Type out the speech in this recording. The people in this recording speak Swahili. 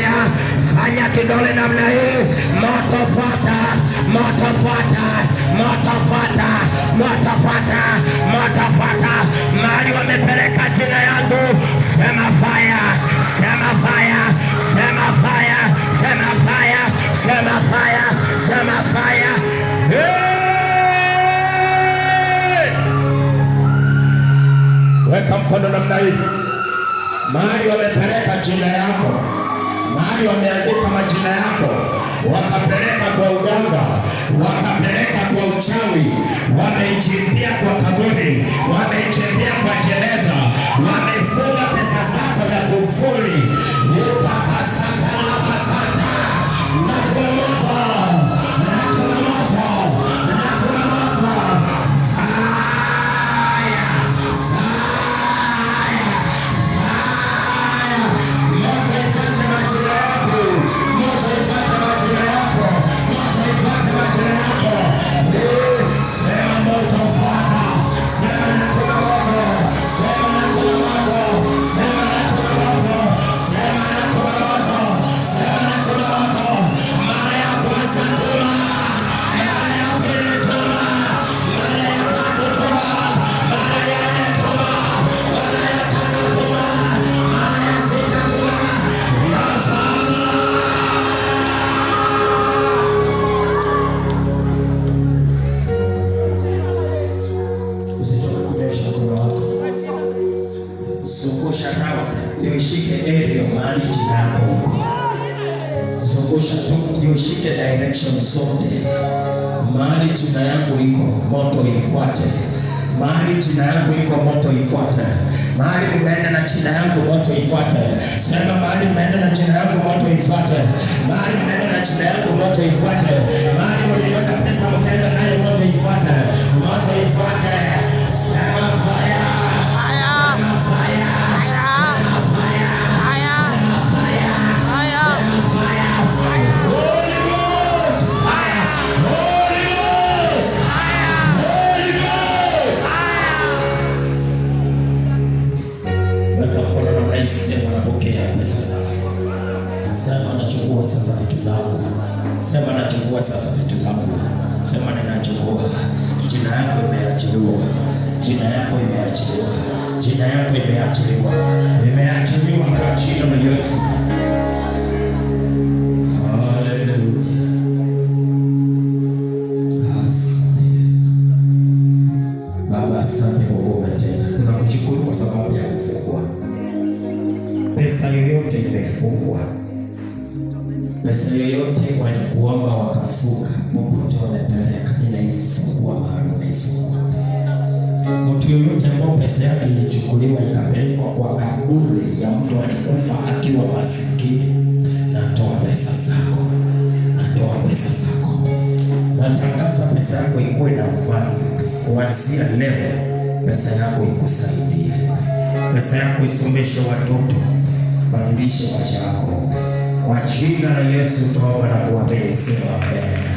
haya, fanya kidole namna hii, motofata motofata motofata motofata motofata, mali wamepeleka jina yangu, sema faya, sema faya, sema faya, sema faya, sema faya, sema faya Weka mkono namna hii, mahali wamepeleka jina yako, majina yako, wakapeleka kwa uganga, wakapeleka kwa uchawi, wameichimbia kwa kaburi, wameichimbia kwa jeneza, wamefunga pesa zako na kufuli usitoke kunyosha mkono wako, zungusha round ndio ishike area mahali jina lako huko, zungusha tu ndio ishike direction zote, mahali jina yangu iko moto ifuate mahali jina yangu iko moto ifuate. Mahali mnaenda na jina yangu moto ifuate. Sema mahali mnaenda na jina yangu moto ifuate. Mahali mnaenda na jina yangu moto ifuate. anaweka mkono na rais, sema anapokea pesa zangu, sema anachukua sasa vitu zangu, sema anachukua sasa vitu zangu, sema ninachukua. Jina yako imeachiliwa, jina yako imeachiliwa, jina yako imeachiliwa, imeachiliwa kwa jina la Yesu. Haleluya. Asante Baba, asante kwa yote tunakushukuru kwa sababu ya kufungwa. Pesa yoyote imefungwa, pesa yoyote walikuomba wakafunga, popote wamepeleka, ninaifungua mahali, naifungua. Mtu yoyote ambao pesa yake ilichukuliwa ikapelekwa kwa kaburi ya mtu alikufa akiwa masikini, natoa pesa zako, natoa pesa zako, natangaza pesa yako ikuwe na value kuanzia leo. Pesa yako ikusaidie, pesa yako isomeshe watoto, badilishe maisha yako kwa jina la Yesu. Toba na kuamini, sema amen.